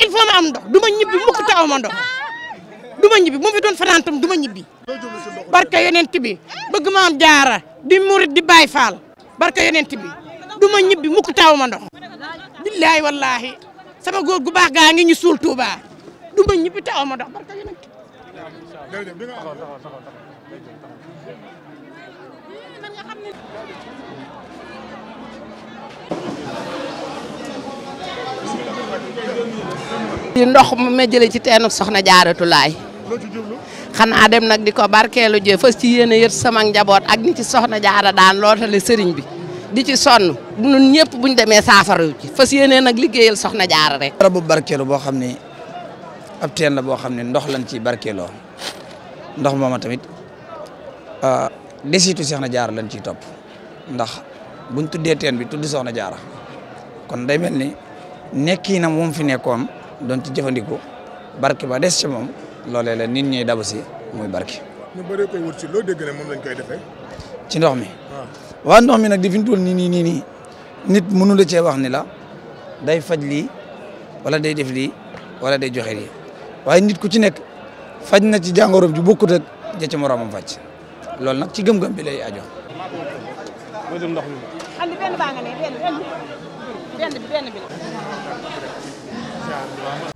il faut am ndox du ma ñibbi mukk te aw ma ndox du ma ñibbi mu fi doon fanaan tam du ma ñibbi barka yonent bi bëgg ma am jaara di murit di Baay Faal barka yonent bi du ma ñibbi mukk te aw ma ndox billaahi wallaahi sama góor gu baax gaa ngi ñu suul Tuubaa du ma ñibbi te aw ma ndox barka yonent bi ndox mu ma jëlee ci teenu soxna jaaratu laay xanaa dem nag di ko barkeelu jë fas ci yéen yët sama njaboot ak ni ci soxna jaara daan lootale sëriñ bi di ci sonn ñun ñëpp buñ demee saafara ci fas yéenee nag liggéeyal soxna jaara rek. barabu boo xam ne ab teen la boo xam ne ndox lañ ci barkeeloo ndox mooma tamit desitu Soxna Jaara lañ ciy topp ndax buñ tuddé teen bi tuddi Soxna jarah. kon day melni nekki na mom fi nekkom don ci jëfandiku barki ba dess ci mom lolé la nit ñi dabu si muy barki ñu bari koy wut ci lo dégg ne mom lañ koy défé ci ndox mi. Ah. wa ndox mi nak di fi ñu ni ni nit mënu la ci wax ni la day faj li wala day def li wala day joxé li waye nit ku ci nekk faj na ci jangorom ju bokut ak jëc moromam faj. loolu nag ci gëm-gëm bi lay aajo. nga ne benn benn bi